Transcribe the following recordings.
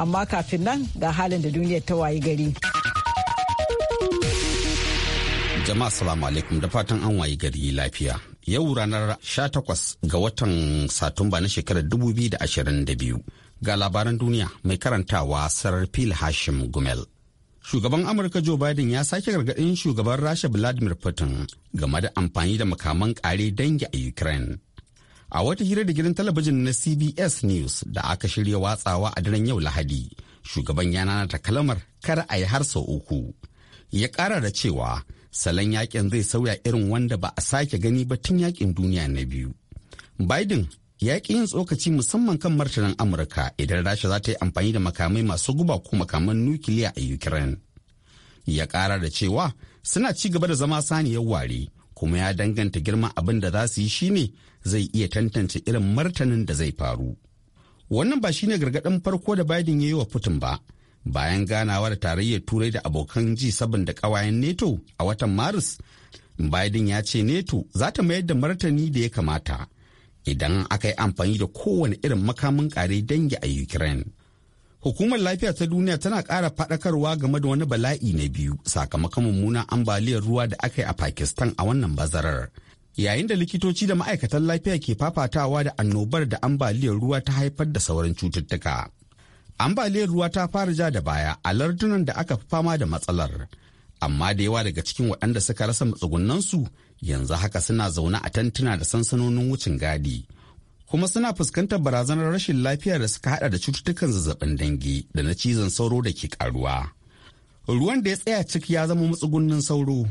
amma kafin nan ga halin da duniyar ta wayi gari. Jama'a salamu alaikum da fatan an wayi gari lafiya. Yau ranar 18 ga watan Satumba na shekarar 2022 ga labaran duniya mai karantawa sarar fil Hashim Gumel. Shugaban Amurka Joe Biden ya sake gargaɗin shugaban Rasha Vladimir Putin game da amfani da makaman ƙare dangi a Ukraine. A wata hira da gidan talabijin na CBS News da aka shirya watsawa a daren yau Lahadi, shugaban ya nanata kalamar kar a yi har sau uku. Ya ƙara da cewa salon yakin zai sauya irin wanda ba a sake gani ba tun yakin duniya na biyu. Biden ya ƙi yin tsokaci musamman kan martanin Amurka idan Rasha za ta yi amfani da makamai masu guba ko makaman nukiliya a Ukraine. Ya ƙara da cewa suna ci gaba da zama saniyar ware kuma ya danganta girman abin da za su yi shine zai iya tantance irin martanin da zai faru. Wannan ba shine gargaɗin farko da Biden ya yi wa Putin ba, bayan ganawa da tarayyar Turai da abokan ji sabin da ƙawayen NATO a watan Maris, Biden ya ce NATO za ta mayar da martani da ya kamata idan aka yi amfani da kowane irin makamin ƙare dangi a Ukraine. Hukumar lafiya ta duniya tana ƙara faɗakarwa game da wani bala'i na biyu sakamakon mummunan ambaliyar ruwa da aka yi a Pakistan a wannan bazarar. Yayin da likitoci da ma'aikatan lafiya ke fafatawa da annobar da ambaliyar ruwa ta haifar da sauran cututtuka. Ambaliyar ruwa ta fara ja da baya a lardunan da aka fi fama da matsalar. Amma da yawa daga cikin waɗanda suka rasa matsugunansu yanzu haka suna zaune a tantuna da sansanonin wucin gadi. kuma suna fuskantar barazanar rashin lafiya da suka hada da cututtukan zazzabin dangi da na cizon sauro da ke karuwa. Ruwan da ya tsaya cik ya zama matsugunnin sauro.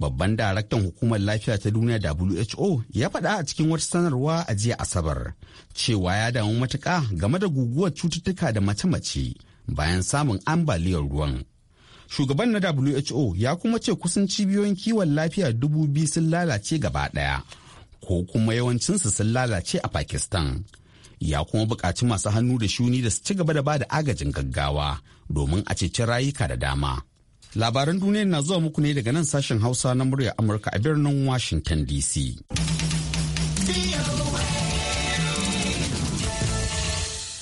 Babban daraktan hukumar lafiya ta duniya WHO ya faɗa a cikin wata sanarwa a jiya Asabar cewa ya damu matuƙa game da guguwar cututtuka da mace-mace bayan samun ambaliyar ruwan. Shugaban na WHO ya kuma ce kusan cibiyoyin kiwon lafiya dubu biyu sun lalace gaba ɗaya. ko kuma yawancinsu sun lalace a Pakistan. Ya kuma buƙaci masu hannu da shuni da su ci gaba da bada agajin gaggawa domin a ceci rayuka da dama. Labaran duniya na zuwa muku ne daga nan sashen Hausa na muryar Amurka a birnin Washington DC.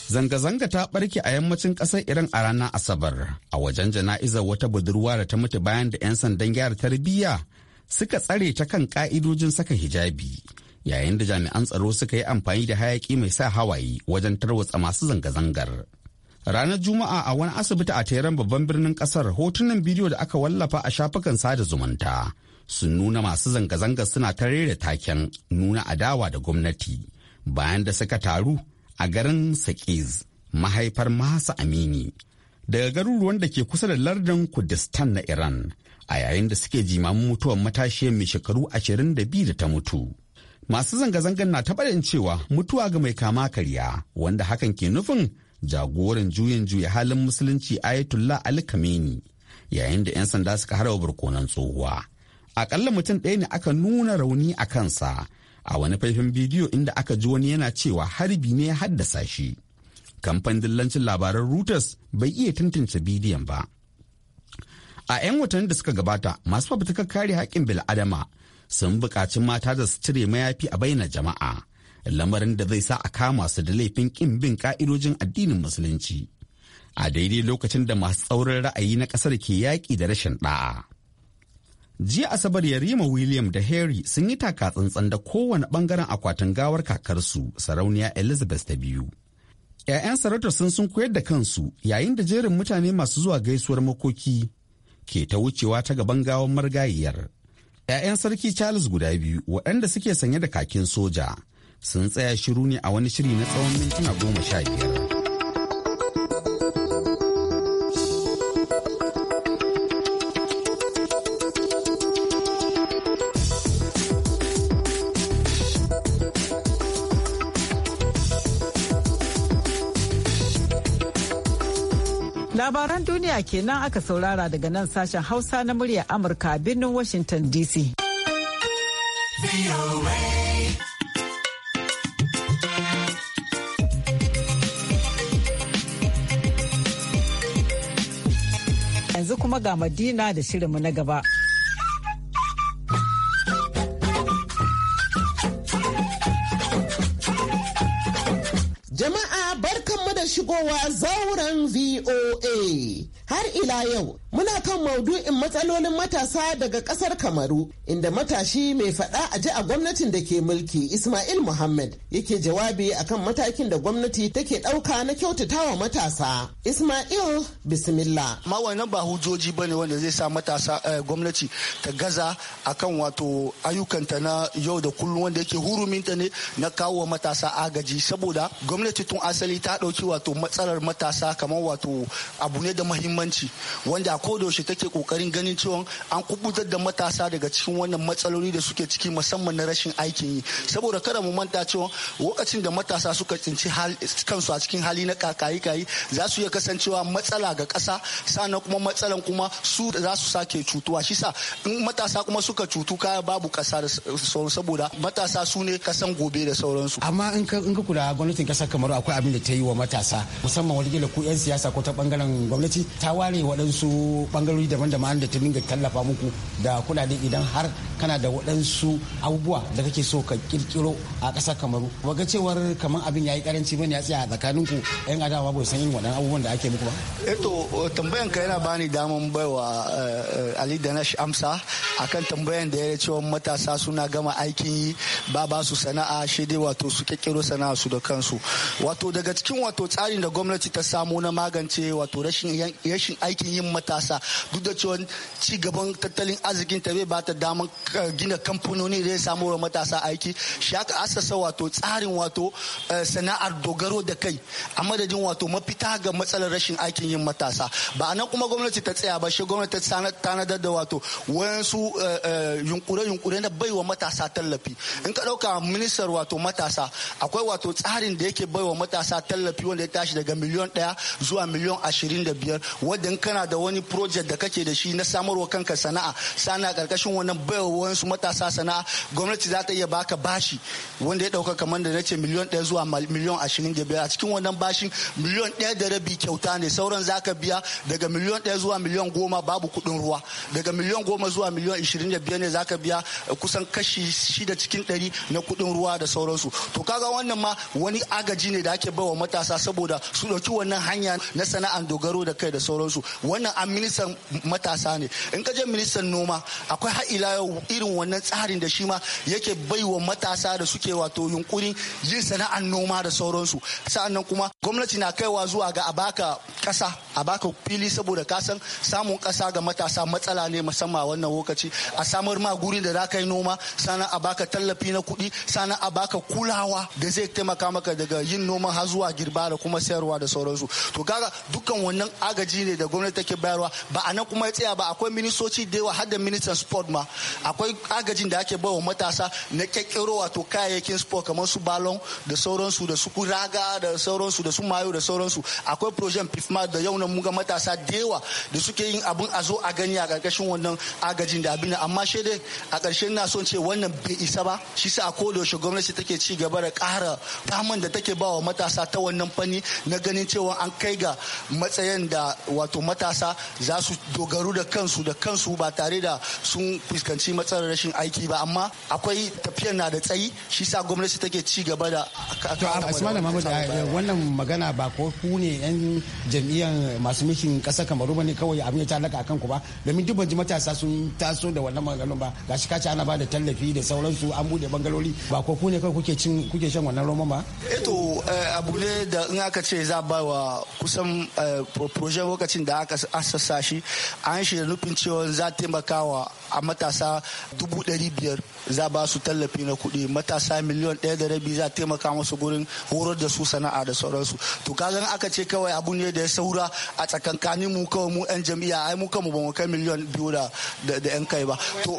Zanga-zanga ta barke a yammacin ƙasar Iran a ranar Asabar a wajen jana'izar wata budurwa da ta mutu bayan da 'yan sandan gyara tarbiyya suka tsare ta kan ka'idojin saka hijabi yayin da jami'an tsaro suka yi amfani da hayaki mai sa hawaye wajen tarwatsa masu zanga-zangar. Ranar Juma'a a wani asibiti a teran babban birnin kasar hotunan bidiyo da aka wallafa a shafukan sada zumunta sun nuna masu zanga-zanga suna ta rera taken nuna adawa da gwamnati bayan da suka taru a garin Sakiz mahaifar Mahasa Amini daga garuruwan da ke kusa da lardin Kurdistan na Iran a yayin da suke jimamin mutuwar matashiyar mai shekaru ashirin da biyu da ta mutu. Masu zanga-zangar na tabarin cewa mutuwa ga mai kama karya wanda hakan ke nufin jagoran juyin juya halin musulunci Ayatollah Ali Khamenei yayin da 'yan sanda suka harawa barkonan tsohuwa. Akalla mutum ɗaya ne aka nuna rauni a kansa a wani faifin bidiyo inda aka ji wani yana cewa harbi ne ya haddasa shi. Kamfanin dillancin labaran Reuters bai iya tantance bidiyon ba. a 'yan watanni da suka gabata masu fafutukar kare haƙƙin bil'adama sun buƙaci mata da su cire mayafi a bayyana jama'a lamarin da zai sa a kama su da laifin ƙin bin ƙa'idojin addinin musulunci a daidai lokacin da masu tsaurin ra'ayi na ƙasar ke yaƙi da rashin ɗa'a. jiya asabar yarima william da harry sun yi taka tsantsan da kowane bangaren akwatin gawar kakarsu sarauniya elizabeth ta biyu 'ya'yan sarautar sun sun koyar da kansu yayin da jerin mutane masu zuwa gaisuwar makoki ke ta wucewa ta gaban gawan margayiyar. 'Ya'yan sarki Charles guda biyu waɗanda suke sanye da kakin soja sun tsaya shiru ne a wani shiri na tsawon mintuna goma sha biyar. duniya kenan aka saurara daga nan sashen Hausa na murya Amurka a birnin Washington DC. Yanzu kuma ga Madina da shirinmu na gaba. jama'a barkanmu da shigowa zauren VOA. Har ila yau muna kan maudu'in matsalolin matasa daga kasar Kamaru inda matashi mai faɗa a ji a gwamnatin da ke mulki Ismail Muhammad yake jawabi akan matakin da gwamnati take ɗauka na kyautatawa matasa. Ismail Bismillah. Ma wannan ba hujjoji bane wanda zai sa matasa eh, gwamnati ta gaza akan wato ayyukanta na yau da kullum wanda yake huruminta ne na kawo matasa agaji saboda gwamnati tun asali ta ɗauki wato matsalar matasa kamar wato abu ne da muhimmanci muhimmanci wanda a kodayaushe take kokarin ganin cewa an kubutar da matasa daga cikin wannan matsaloli da suke ciki musamman na rashin aikin yi saboda kada mu manta cewa lokacin da matasa suka tsinci kansu a cikin hali na kakayi kayi za su iya kasancewa matsala ga ƙasa sannan kuma matsalan kuma su za su sake cutuwa shi sa in matasa kuma suka cutu kaya babu ƙasa da sauran saboda matasa su ne kasan gobe da sauransu amma in ka in ka kula gwamnatin ƙasar kamaru akwai abin da ta yi wa matasa musamman wani ku 'yan siyasa ko ta bangaren gwamnati ta ta ware waɗansu bangarori daban-daban da ta dinga tallafa muku da kuɗaɗe idan har kana da waɗansu abubuwa da kake so ka kirkiro a ƙasar kamaru ga cewar kamar abin ya yi karanci bane ya tsaya a tsakaninku ku yan adawa ba san yin waɗannan abubuwan da ake muku ba eto eh tambayan ka yana bani daman baiwa eh, ali da danash amsa akan tambayan da ya cewa matasa suna gama aikin yi ba ba su sana'a shi dai wato su kirkiro sana'a su da kansu wato daga cikin wato tsarin da gwamnati ta samu na magance wato rashin rashin aikin yin matasa duk da cewa ci gaban tattalin arzikin ta bai ba ta damar eh, gina kamfanoni da ya samu wa matasa aiki shi aka asasa wato tsarin wato eh, sana'ar dogaro da kai a madadin wato mafita ga matsalar rashin aikin yin matasa ba a nan kuma gwamnati ta tsaya ba shi gwamnati ta tanadar da wato wayansu eh, yunkure-yunkure na baiwa matasa tallafi in ka ɗauka ministar wato matasa akwai wato tsarin da yake baiwa matasa tallafi wanda ya tashi daga miliyon ɗaya zuwa miliyon ashirin da biyar wadda kana da wani project da kake da shi na samarwa kanka sana'a sana karkashin wannan baiwa su matasa sana'a gwamnati za ta iya baka bashi wanda ya dauka kamar da nace miliyon ɗaya zuwa miliyon ashirin da biyar a cikin wannan bashin miliyon ɗaya da rabi kyauta ne sauran zaka biya daga miliyon ɗaya zuwa miliyon goma babu kuɗin ruwa daga miliyon goma zuwa miliyon ishirin da biyar ne zaka biya kusan kashi shida cikin ɗari na kuɗin ruwa da sauransu to kaga wannan ma wani agaji ne da ake baiwa matasa saboda su ɗauki wannan hanya na sana'an dogaro da kai da sauransu wannan an ministan matasa ne in ka je ministan noma akwai har ila yau irin wannan tsarin da shi ma yake baiwa matasa da suke wato yunkurin yin sana'ar noma da sauransu sa'annan kuma gwamnati na kaiwa zuwa ga a baka kasa a baka fili saboda ka san samun kasa ga matasa matsala ne musamman wannan lokaci a samar ma guri da za ka yi noma sannan a baka tallafi na kuɗi sannan a baka kulawa da zai taimaka maka daga yin noma har zuwa girba da kuma sayarwa da sauransu to kaga dukkan wannan agaji shi ne da gwamnati take bayarwa ba a nan kuma ya tsaya ba akwai ministoci da yawa har da ministan sport ma akwai agajin da ake ba bawa matasa na kyakkiro wato kayayyakin sport kamar su balon da sauransu da su raga da sauransu da su mayo da sauransu akwai projen pifma da yau na muga matasa da yawa da suke yin abin a zo a gani a karkashin wannan agajin da abin amma shi dai a karshe na son ce wannan bai isa ba shi sa a koda yaushe gwamnati take ci gaba da kara daman da take bawa matasa ta wannan fanni na ganin cewa an kai ga matsayin da wato matasa za su dogaru da kansu da kansu ba tare da sun fuskanci matsalar rashin aiki ba amma akwai tafiyar na da tsayi shi sa gwamnati take ci gaba da eh, wannan magana ba ko ku ne yan jam'iyyar masu mulkin ƙasar kamaru ba ne kawai abin ya talaka akan ku ba domin duk ban ji matasa sun taso da wannan maganganun ba gashi kace ana ba da tallafi da sauransu an bude bangalori ba ko ku ne kawai kuke cin kuke shan wannan roman ba eto eh eh, abu ne da in aka ce za ba wa kusan projet lokacin da aka sassa shi an shirya nufin cewa za taimaka wa matasa dubu ɗari biyar za ba su tallafi na kuɗi matasa miliyon ɗaya da rabi za taimaka musu gurin horar da su sana'a da sauransu to kaga aka ce kawai abu ne da ya saura a tsakankanin mu kawai mu yan jami'a ai mu kan mu mu kai miliyon biyu da da yan kai ba to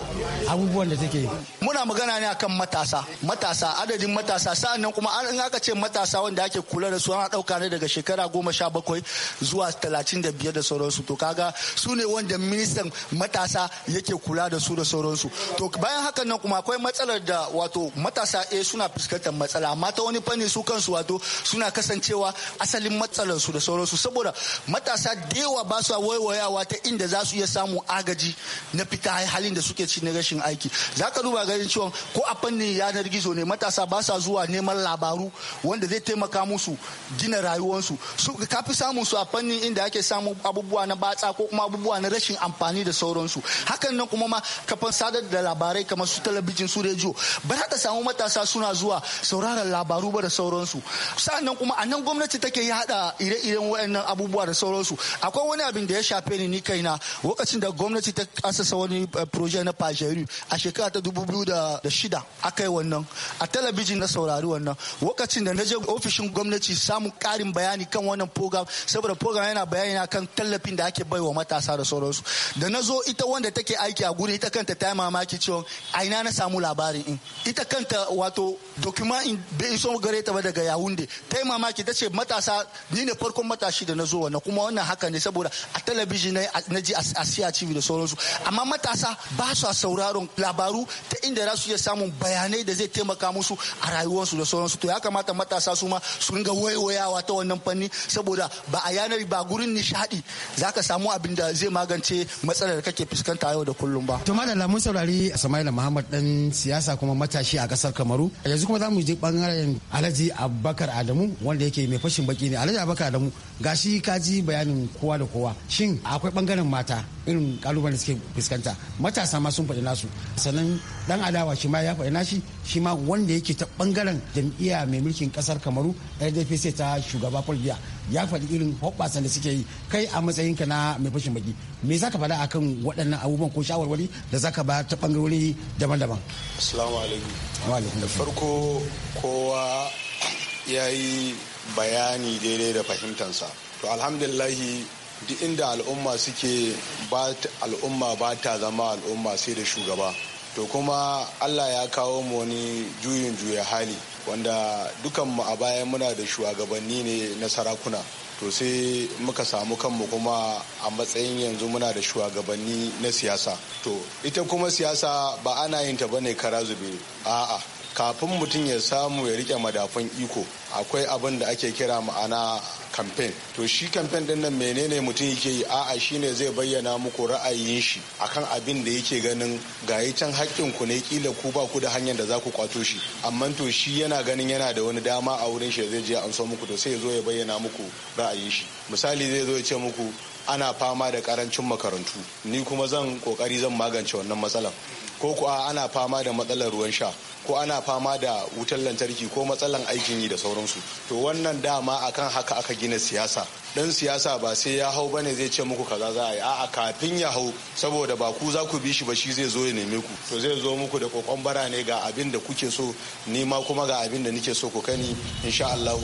abubuwan da take muna magana ne akan matasa matasa adadin matasa sa'annan kuma in aka ce matasa wanda ake kula da su ana ɗauka ne daga shekara goma sha bakwai zuwa talatin da biyar da sauransu to kaga su ne wanda ministan matasa yake kula da su da sauransu to bayan hakan nan kuma akwai matsalar da wato matasa e suna fuskantar matsala amma ta wani fanni su kansu wato suna kasancewa asalin matsalar su da sauransu saboda matasa da yawa ba su waiwayawa ta inda za su iya samu agaji na fita halin da suke ci na rashin aiki za ka duba ganin cewa ko a fannin yanar gizo ne matasa ba sa zuwa neman labaru wanda zai taimaka musu gina rayuwarsu su ka fi samun su a fannin inda ake samun abubuwa na batsa ko kuma abubuwa na rashin amfani da sauransu hakan nan kuma ma kafan sadar da labarai kamar su talabijin talabijin su rediyo ba za ta samu matasa suna zuwa sauraron labaru ba da sauransu sa'annan kuma a nan gwamnati take yi hada ire-iren waɗannan abubuwa da sauransu akwai wani abin da ya shafe ni ni kaina lokacin da gwamnati ta kasa wani eh, proje na pajeru a shekara ta dubu biyu da shida aka yi wannan a talabijin na saurari wannan lokacin da na je ofishin gwamnati samun karin bayani kan wannan program saboda program yana bayani na kan tallafin da ake bai wa matasa da sauransu da na zo ita wanda take aiki a guri ita kanta ta yi mamaki cewa a na samu labarin in ita kanta wato document in bai iso gare ta ba daga yahunde ta yi mamaki ta ce matasa ni ne farkon matashi da na zo wannan kuma wannan haka ne saboda a talabijin na ji a siya tv da sauransu amma matasa ba su sauraron labaru ta inda za su iya samun bayanai da zai taimaka musu a rayuwarsu da sauransu to ya kamata matasa su ma su ringa waiwayawa ta wannan fanni saboda ba a yanar ba gurin nishadi za ka samu abin da zai magance matsalar da kake fuskanta yau da kullum ba. to mun saurari samaila muhammad dan siyasa kuma matashi a kasar kamaru yanzu kuma zamu je bangaren alhaji abubakar adamu wanda yake mai fashin baki ne alhaji abubakar adamu gashi ka ji bayanin kowa da kowa shin akwai bangaren mata irin kalubalen da suke fuskanta matasa ma sun faɗi nasu sannan dan adawa shi ma ya faɗi nashi shi ma wanda yake ta bangaren jam'iyya mai mulkin kasar kamaru rdpc ta shugaba paul biya ya faɗi irin hoɓɓasan da suke yi kai a matsayinka na mai fashin baki me za ka faɗa akan waɗannan abubuwan ko shawarwari da zaka ba ta ɓangarori daban-daban assalamu alaikum da farko kowa ya yi bayani daidai da fahimtansa to alhamdulillahi duk inda al'umma suke ba al'umma ba ta zama al'umma sai da shugaba to kuma allah ya kawo mu wani juyin juya hali wanda dukanmu a baya muna da shugabanni ne na sarakuna to sai muka samu kanmu kuma a matsayin yanzu muna da shugabanni na siyasa to ita kuma siyasa ba ana yin ta bane kara zube a'a kafin mutum ya samu ya rike madafun iko akwai abin da ake kira ma'ana kamfen to shi kamfen din nan menene mutum yake yi a'a ne zai bayyana muku ra'ayin shi akan abin da yake ganin gayi can hakkin ku ne kila ku ba ku da hanyar da za ku kwato shi amma to shi yana ganin yana da wani dama a wurin shi zai je an so muku to sai zo ya bayyana muku ra'ayin shi misali zai zo ya ce muku ana fama da karancin makarantu ni kuma zan kokari zan magance wannan matsalan ko kuwa ana fama da matsalar ruwan sha ko ana fama da wutar lantarki ko matsalar aikin yi da sauransu to wannan dama akan haka aka gina siyasa dan siyasa ba sai ya hau bane zai ce muku kaza za a yi a'a kafin ya hau saboda ba ku za ku bi shi ba shi zai zo ya neme ku to zai zo muku da kokon bara ne ga abin da kuke so ni ma kuma ga abin da nike so ku kani insha Allah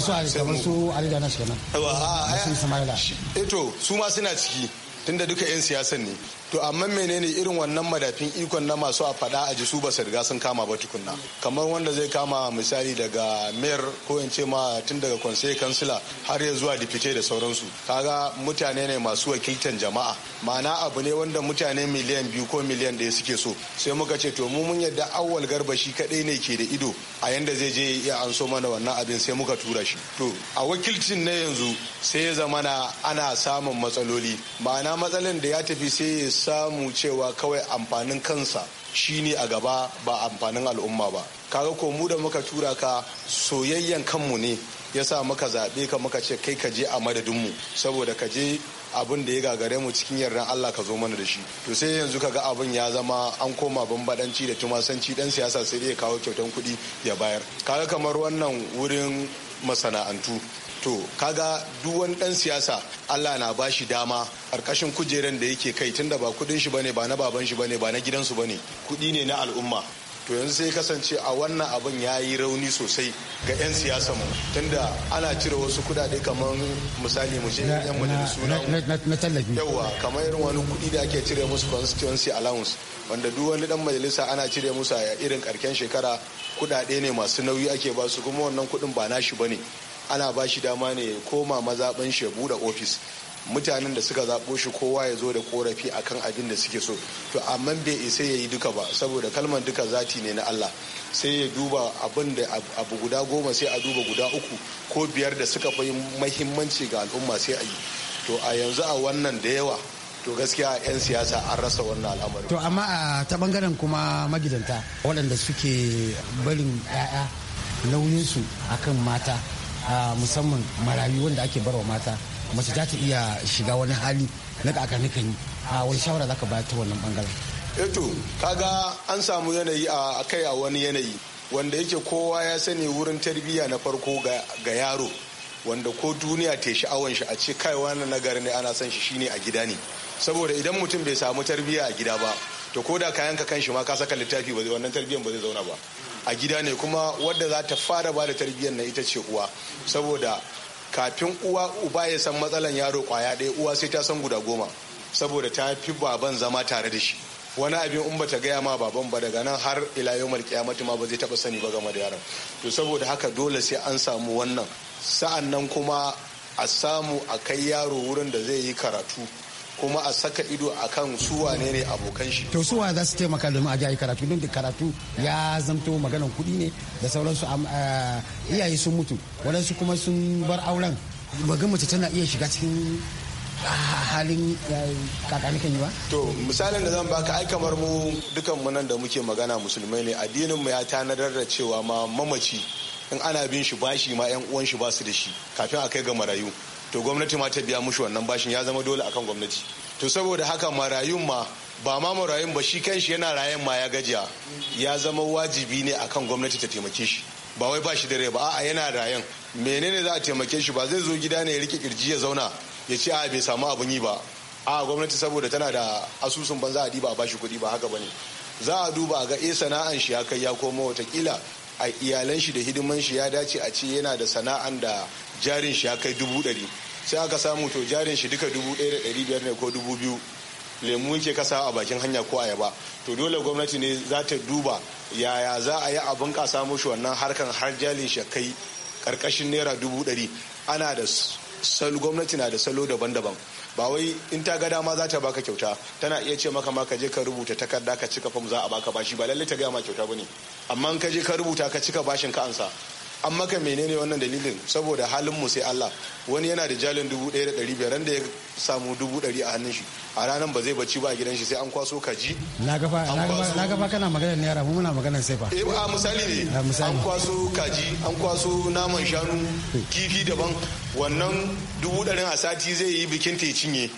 sai kamar su na shi kenan a eh to su ma suna ciki tunda duka 'yan siyasan ne to amma menene irin wannan madafin ikon na masu a fada a jisu ba su riga sun kama ba tukunna kamar wanda zai kama misali daga mayor ko in ce ma tun daga conseil kansila har ya zuwa dipite da sauransu kaga mutane ne masu wakiltan jama'a ma'ana abu ne wanda mutane miliyan biyu ko miliyan ɗaya suke so sai muka ce to mu mun yadda awwal garba shi kaɗai ne ke da ido a yanda zai je ya an so mana wannan abin sai muka tura shi to a wakilcin na yanzu sai ya zamana ana samun matsaloli ma'ana ina matsalin da ya tafi sai ya samu cewa kawai amfanin kansa shine a gaba ba amfanin al'umma ba kaga ko mu da muka tura ka soyayyen kanmu ne ya sa muka zaɓe ka muka ce kai ka je a madadinmu saboda ka je abin da ya gagare mu cikin yardan Allah ka zo mana da shi to sai yanzu ka ga abin ya zama an koma bambadanci da tumasanci dan siyasa sai ya kawo kyautan kuɗi ya bayar kaga kamar wannan wurin masana'antu to kaga duk wani dan siyasa Allah na bashi dama karkashin kujeran da yake kai tunda ba kudin shi bane ba na baban shi bane ba na su bane kudi ne na al'umma to yanzu sai kasance a wannan abin ya yi rauni sosai ga 'yan siyasa mu tunda ana cire wasu kudade kamar misali mu ce 'yan majalisu na tallafi yawa kamar irin wani kudi da ake cire musu constituency allowance wanda duk wani dan majalisa ana cire musu a irin karken shekara kudade ne masu nauyi ake ba su kuma wannan kudin ba nashi bane ana ba shi dama ne koma mazaɓin shi ya buɗe ofis mutanen da suka zaɓo shi kowa ya zo da korafi akan abin da suke so to amma bai isa ya yi duka ba saboda kalmar duka zati ne na Allah sai ya duba abin da abu guda goma sai a duba guda uku ko biyar da suka fi mahimmanci ga al'umma sai a yi to a yanzu a wannan da yawa to gaskiya 'yan siyasa an rasa wannan al'amari to amma a ta bangaren kuma magidanta waɗanda suke barin 'ya'ya nauyinsu akan mata musamman marayu wanda ake barwa mata mace za ta iya shiga wani hali na aka yi a wani shawara za ka bayar ta wannan bangaren eto eh kaga an samu yanayi a kai a wani yanayi wanda yake kowa ya sani wurin tarbiyya na farko ga yaro wanda ko duniya ta sha'awan shi a ce kai wannan nagari ne ana son shi shine a gida ne saboda idan mutum bai samu tarbiyya a gida ba to ko da kayan ka kanshi ma ka saka littafi ba zai wannan tarbiyyan ba zai zauna ba a gida ne kuma wadda za ta fara ba da tarbiyyar na ita ce uwa saboda kafin uwa uba ya san matsalan yaro kwaya ɗaya uwa sai ta san guda goma saboda ta fi baban zama tare da shi wani abin in bata gaya ma baban ba daga nan har ila yawmal kiyamati ma ba zai taba sani ba game da yaron to saboda haka dole sai an samu wannan sa'an nan kuma a samu a kai yaro wurin da zai yi karatu kuma a saka ido a kan su wane ne abokan shi. To suwa za su taimaka domin a ji karatu don da karatu ya zamto maganan kuɗi ne da sauransu eh, iyaye sun mutu waɗansu kuma sun bar auren maga mace tana iya shiga cikin ah, halin eh, kakanikan yi ba? To misalin da zan baka ai kamar mu dukan mu da muke magana musulmai ne addinin mu ya tanadar da cewa ma mamaci in ana bin shi bashi ma yan uwan shi ba su da shi kafin a kai ga marayu to gwamnati ma ta biya mushi wannan bashin ya zama dole akan gwamnati to saboda haka marayun ma ba ma marayun ba shi kanshi yana rayan ma ya gajiya ya zama wajibi ne akan gwamnati ta taimake shi ba wai ba shi da rai ba a'a yana rayan menene za a taimake shi ba zai zo gida ne ya rike kirji ya zauna ya ce a bai samu abun yi ba a gwamnati saboda tana da asusun banza a diba a bashi kuɗi ba haka bane za a duba ga e sana'an shi ya kai ya komo watakila a iyalan shi da hidiman shi ya dace a ce yana da sana'an da jarin shi ya kai dubu ɗari sai aka samu to jarin shi duka dubu ɗaya da ɗari biyar ne ko dubu biyu lemu yake kasa a bakin hanya ko ayaba to dole gwamnati ne za ta duba yaya za a yi a bunƙasa shi wannan harkan har jarin shi kai ƙarƙashin naira dubu ɗari ana da gwamnati na da salo daban-daban ba wai in ta ga dama za ta baka kyauta tana iya ce maka ma ka je ka rubuta takarda ka cika fam za a baka bashi ba lallai ta gaya ma kyauta bane amma ka je ka rubuta ka cika bashin ka ansa an maka menene wannan dalilin saboda halin mu sai Allah wani yana da jalin dubu ɗaya da ɗari biyar da ya samu dubu ɗari a hannun shi a ranar ba zai bacci ba a gidan shi sai an kwaso kaji na gafa kana maganar naira mu muna magana sai fa eh a misali ne an kwaso kaji an kwaso naman shanu kifi daban wannan dubu ɗarin a sati zai yi bikin ta cinye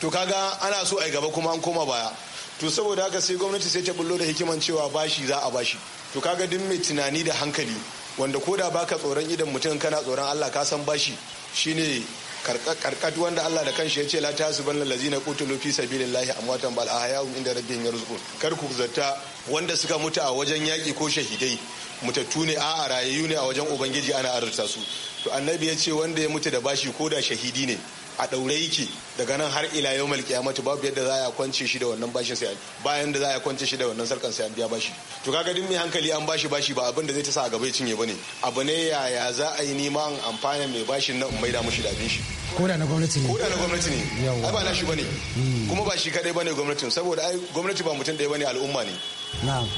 to kaga ana so a gaba kuma an koma baya to saboda haka sai gwamnati sai ta bullo da hikiman cewa bashi za a bashi to kaga duk mai tunani da hankali wanda ko da baka tsoron idan mutum kana tsoron Allah ka san bashi shine karkat wanda Allah da kanshi ya ce la ta suban lazina qutulu fi sabilillahi amwatan bal ahyahum inda rabbihim yarzuqun kar ku zata wanda suka mutu a wajen yaki ko shahidai mutattu ne a rayayyu ne a wajen ubangiji ana arzuta su to annabi ya ce wanda ya mutu da bashi ko da shahidi ne a ɗaure yake daga nan har ila yau malkiyamatu babu yadda za a kwance shi da wannan bashin sai bayan da za a kwance shi da wannan sarkan sai an biya bashi to kaga duk mai hankali an bashi bashi ba abin da zai ta sa a gaba ya cinye bane abu ne yaya za a yi nima an amfana mai bashin nan da mushi da abin shi da na gwamnati ne Ko da na gwamnati ne ai ba na shi bane kuma hmm. ba shi kadai bane gwamnatin saboda ai gwamnati ba mutum ɗaya bane al'umma ne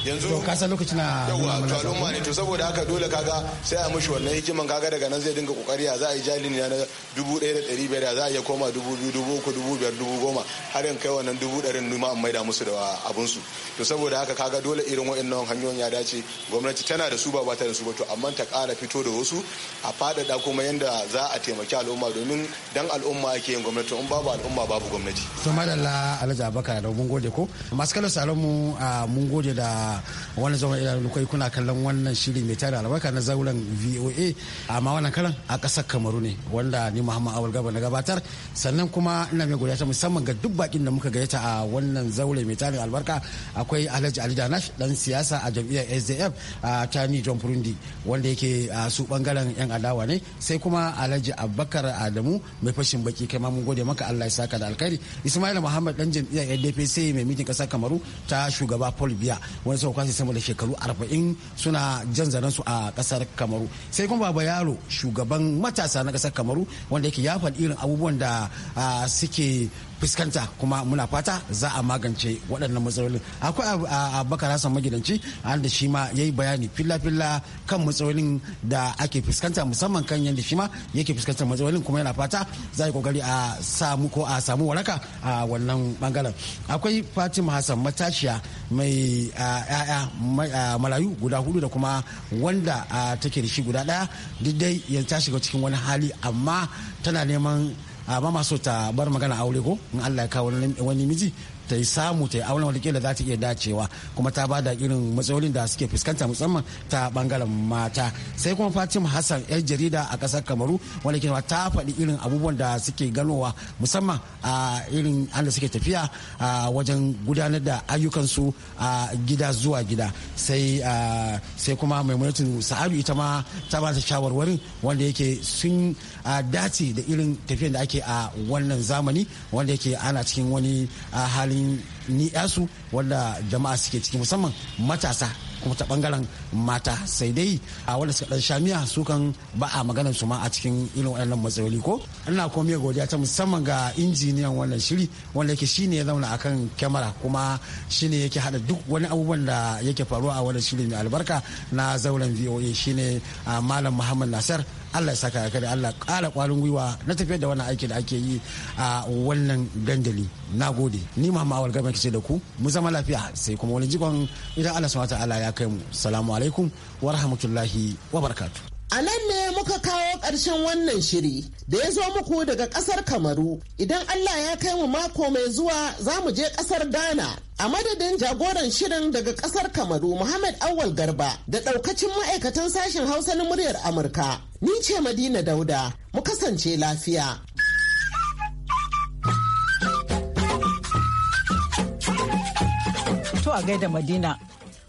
yanzu to kasa lokaci na yawa to al'umma ne to saboda haka dole kaga sai a mushi wannan hikiman kaga daga nan zai dinga kokari a za a yi jali ne na dubu ɗaya da ɗari biyar za a iya koma dubu biyu dubu uku dubu biyar dubu goma har yin kai wannan dubu ɗarin numa an maida musu da abun su to saboda haka kaga dole irin wa'annan hanyoyin ya dace gwamnati tana da su ba ta da su ba to amma ta ƙara fito da wasu a faɗaɗa kuma yanda za a taimaki al'umma domin dan al'umma ake yin gwamnati in babu al'umma babu gwamnati. to madalla alhaji abubakar mun gode ko masu kallon mu ah, mun gode gode da wani zama idan lukai kuna kallon wannan shiri mai tare albarka na zauren VOA amma wannan karan a kasar Kamaru ne wanda ni Muhammad Awal Gaba na gabatar sannan kuma ina mai godiya ta musamman ga duk bakin da muka gayyata a wannan zaure mai tare albarka akwai Alhaji Ali Danash dan siyasa a jam'iyyar SDF a Tani John Burundi wanda yake su bangaren yan adawa ne sai kuma Alhaji Abubakar Adamu mai fashin baki kai ma mun gode maka Allah ya saka da alkhairi Ismail Muhammad dan jam'iyyar NDP sai mai mijin kasar Kamaru ta shugaba Paul Biya najeriya wani suka kwashe sama da shekaru arba'in suna jan zaren su a kasar kamaru sai kuma baba yaro shugaban matasa na kasar kamaru wanda yake ya faɗi irin abubuwan da ah, suke fuskanta kuma muna fata za a magance waɗannan matsalolin akwai abubakar hassan magidanci da shi ma ya yi bayani filla-filla kan matsalolin da ake fuskanta musamman kan yadda shi ma yake fuskantar matsalolin kuma yana fata za a yi kokari a samu ko a samu waraka a wannan bangaren akwai fatima hassan matashiya mai ya'ya malayu guda hudu da kuma wanda take da shi guda daya duk dai ya tashi ga cikin wani hali amma tana neman ba ma so ta bar magana aure ko in Allah ya kawo wani miji ta yi samu ta yi auren kila za ta iya dacewa kuma ta bada irin matsalolin da suke fuskanta musamman ta bangaren mata sai kuma fatima hassan yar jarida a kasar kamaru wanda ke ta faɗi irin abubuwan da suke ganowa musamman a irin anda suke tafiya a wajen gudanar da ayyukansu a gida zuwa gida sai sai kuma maimunatu sa'adu ita ma ta ba ta shawarwarin wanda yake sun dace da irin tafiyan da ake a wannan zamani wanda yake ana cikin wani hali ni yasu wanda jama'a suke ciki musamman matasa kuma ta bangaren mata sai dai a wanda suka dan shamiya su kan ba a maganar su ma a cikin irin waɗannan matsaloli ko ina kuma mai godiya ta musamman ga injiniyan wannan shiri wanda yake shine ya zauna akan kyamara kuma shine yake hada duk wani abubuwan da yake faruwa a wannan shiri mai albarka na zauren VOA shine malam Muhammad Nasir allah ya saka ka da allah ƙara ƙwarin gwiwa na tafiyar da wannan aiki da ake yi a wannan dandali na gode ni ma awal gama ce da ku mu zama lafiya sai kuma wani jikon idan allah subhanahu wa ta'ala ya kai mu salamu alaikum wa rahmatullahi wa barakatuh A nan ne muka kawo ƙarshen wannan shiri da ya zo muku daga ƙasar Kamaru. Idan Allah ya kai mu mako mai zuwa za mu je ƙasar Ghana. A madadin jagoran shirin daga ƙasar Kamaru Muhammad Awal Garba da ɗaukacin ma'aikatan sashen Hausa na muryar Amurka. Ni ce Madina Dauda, mu kasance lafiya. To a gaida Madina.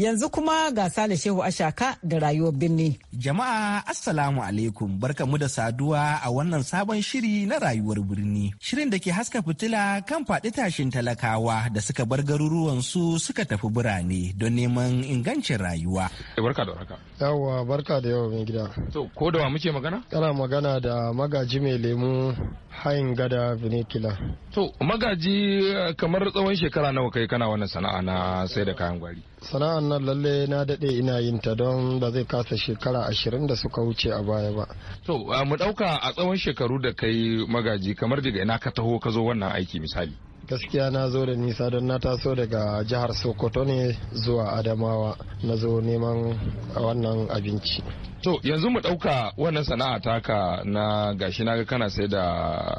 Yanzu kuma ga Sale Shehu Ashaka da rayuwar birni. Jama'a Assalamu alaikum barka mu da saduwa a wannan sabon shiri na rayuwar birni. Shirin da ke haska fitila kan faɗi tashin talakawa da suka bar garuruwan su suka tafi birane don neman ingancin rayuwa. Eh, barka da haka. Yawwa barka da yawa mai gida. To ko da muke magana? Kana magana da magaji mai lemu hayin gada Vinikila. To magaji eh, kamar tsawon shekara nawa kai kana wannan sana'a na sai da kayan gwari? sana'an nan lalle na daɗe ina yin ta don ba zai kasa shekara ashirin da suka wuce a baya ba. To mu ɗauka a tsawon shekaru da kai magaji kamar daga ina ka taho ka zo wannan aiki misali. gaskiya na zo da nisa don na taso daga jihar sokoto ne zuwa adamawa na zo neman wannan abinci to yanzu mu ɗauka wannan sana'a taka na gashi na ga kana sai da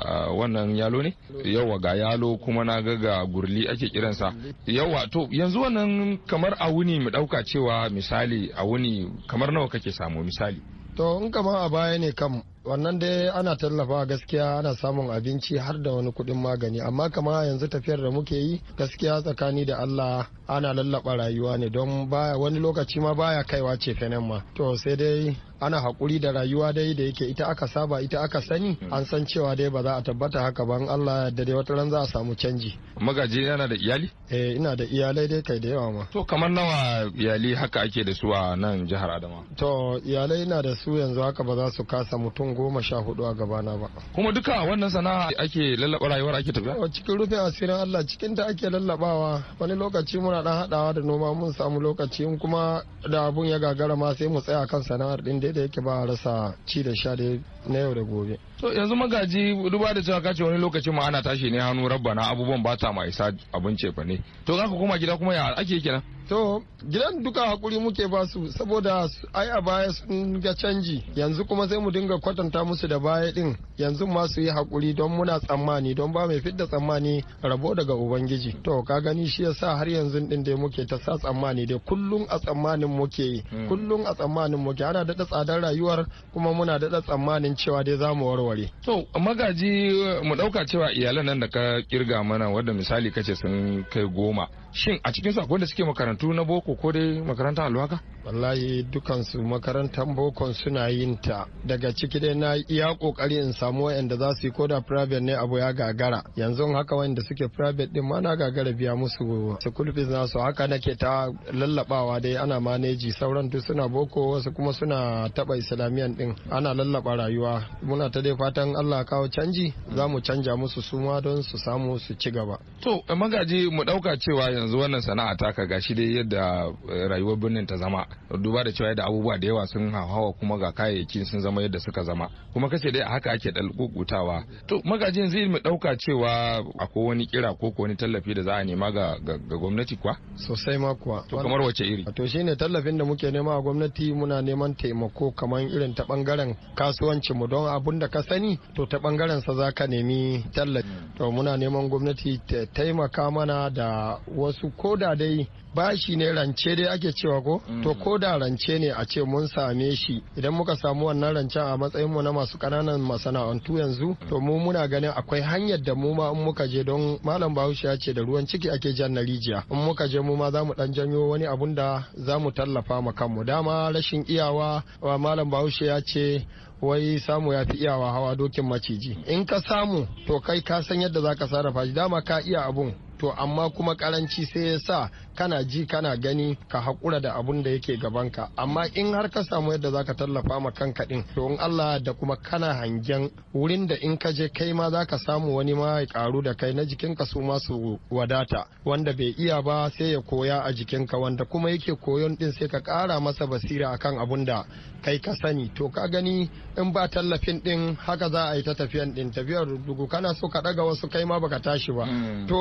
ah, wannan yalo ne yawa ga yalo kuma na ga ga gurli ake kiransa yawa to yanzu wannan kamar a wuni mu ɗauka cewa misali a wuni kamar nawa kake samu misali to in kamar a baya ne kam wannan dai ana tallafa gaskiya ana samun abinci har da wani kuɗin magani amma kama yanzu tafiyar da muke yi gaskiya tsakani da Allah ana lallaba rayuwa ne don wani lokaci ma baya kaiwa ce ma to sai dai ana haƙuri da rayuwa dai da yake ita aka saba ita aka sani hmm. an san cewa dai ba za a tabbata haka ba Allah da dai wata ran za a samu canji magaji yana da iyali eh ina da iyalai dai kai da yawa ma to kamar nawa iyali haka ake da su a nan jihar Adama to iyalai ina da su yanzu haka ba za su kasa mutum goma sha hudu a gabana ba kuma duka wannan sana'a ake lallaba rayuwar ake tafiya cikin rufe asirin Allah cikin ta ake lallabawa wani lokaci muna dan hadawa da noma mun samu lokaci kuma da abun ya gagara ma sai mu tsaya kan sana'ar din dai dai da yake ba a rasa ci da sha da na yau da gobe. To yanzu magaji duba da cewa kace wani lokacin ma ana tashi ne hannu rabba na abubuwan ba ta ma isa abin cefa ne. To za ka koma gida kuma ya ake kenan. To gidan duka hakuri muke ba su saboda ai a baya sun ga canji yanzu kuma sai mu dinga kwatanta musu da baya din yanzu ma su yi hakuri don muna tsammani don ba mai fidda tsammani rabo daga ubangiji to ka gani shi yasa har yanzu din da muke ta sa tsammani da kullun a tsammanin muke yi hmm. kullun a tsammanin muke ana daɗa tsadar rayuwar kuma muna daɗa tsammanin cewa dai za mu warware. To magaji mu ɗauka cewa iyalan nan da ka kirga mana wadda misali kace sun kai goma shin a cikin su da suke makarantu na boko ko dai makarantar alwaka wallahi dukansu makarantar boko suna yin ta daga ciki dai na iya kokari in samu wayanda za su yi koda private ne abu ya gagara yanzu haka wayanda suke private din ma na gagara biya musu school fees nasu haka nake ta lallabawa dai ana maneji sauran duk suna boko wasu kuma suna taba islamiyan din ana lallaba rayuwa muna ta dai fatan Allah kawo canji za mu canja musu suma don su samu su ci gaba to magaji mu dauka cewa yanzu wannan sana'a ka gashi dai yadda eh, rayuwar birnin ta zama duba da cewa yadda abubuwa da yawa sun hawa kuma ga kayayyaki sun zama yadda suka zama kuma kace dai a haka ake dalkukutawa to magajin zai mu dauka cewa akwai wani kira ko wani tallafi da za a nema ga ga gwamnati kuwa sosai ma kuwa to kamar wace iri to shine tallafin da muke nema a gwamnati muna neman taimako kamar irin ta bangaren kasuwanci mu don abun da ka sani to ta bangaren sa zaka nemi tallafi to muna neman gwamnati ta taimaka mana da wasu wasu koda dai bashi ne rance dai ake cewa ko to mm. koda rance ne a ce mun same shi idan muka samu wannan rancen a matsayinmu na masu kananan masana'antu yanzu mm. to mu muna ganin akwai hanyar da mu ma in muka je don malam bahaushe ya ce da ruwan ciki ake jan na rijiya in muka je mu ma za mu dan janyo wani abun da za mu tallafa ma kanmu dama rashin iyawa wa malam bahaushe ya ce wai samu ya fi iyawa hawa dokin maciji in ka samu to kai ka san yadda za ka sarrafa shi dama ka iya abun to amma kuma karanci sai ya sa kana ji kana gani ka haƙura da abun da yake gabanka amma in har ka samu yadda za ka tallafa ma kanka din to in Allah da kuma kana hangen wurin da in ka je kai ma za ka samu wani ma ya karu da kai na jikinka su ma su wadata wanda bai iya ba sai ya koya a jikinka wanda kuma yake koyon din sai ka kara masa basira akan abun da kai ka sani to ka gani in ba tallafin din haka za a yi ta tafiyan din tafiyar dugu kana so ka ɗaga wasu kai ma baka tashi ba hmm. to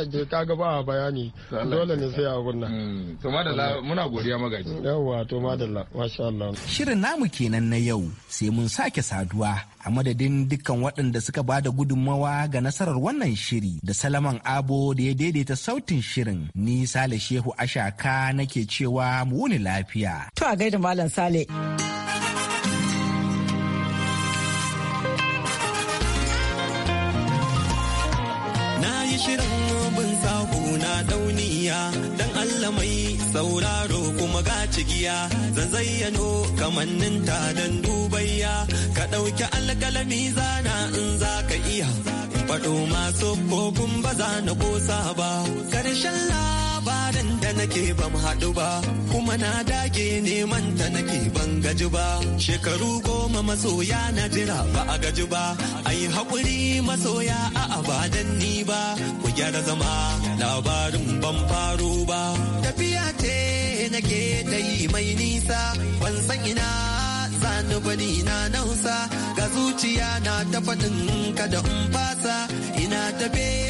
aka je kaga ba bayani dole ne sai a wannan mm, to madalla muna godiya magaji yawa to madalla masha Allah shirin namu kenan na yau sai mun sake saduwa a madadin dukkan waɗanda suka ba da gudunmawa ga nasarar wannan shiri da salaman abo da ya daidaita sautin shirin ni sale shehu ashaka nake cewa mu wuni lafiya to a gaida malam sale na yi shirin mai sauraro kuma ga cigiya zan zayyano ta don dubayya ka ɗauki alkalami zana in za ka iya faɗo masu kokun ba za na ƙosa ba ƙarshen la labarin da nake ban haɗu ba kuma na dage neman ta nake ban gaji ba shekaru goma masoya na jira ba a gaji ba ayi haƙuri masoya a abadan ni ba ku gyara zama labarin ban faro ba tafiya ce nake ta yi mai nisa ban san ina sani bani na nausa ga zuciya na ta faɗin kada in fasa ina tafe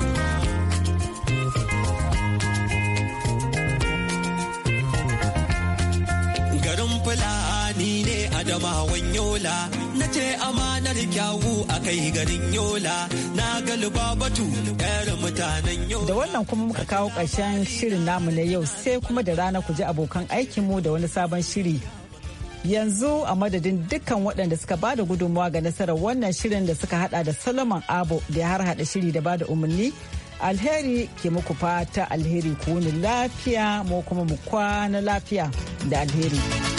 da mahawan yola na ce amanar kyawu a kai garin yola na galiba batu yar mutanen yola da wannan kuma muka kawo ƙarshen shirin namu na yau sai kuma da rana ku ji abokan aikinmu da wani sabon shiri yanzu a madadin dukkan waɗanda suka ba da gudunmawa ga nasarar wannan shirin da suka hada da solomon abu da ya har hada shiri da ba da umarni alheri ke muku fata alheri ku wuni lafiya mu kuma mu kwana lafiya da alheri.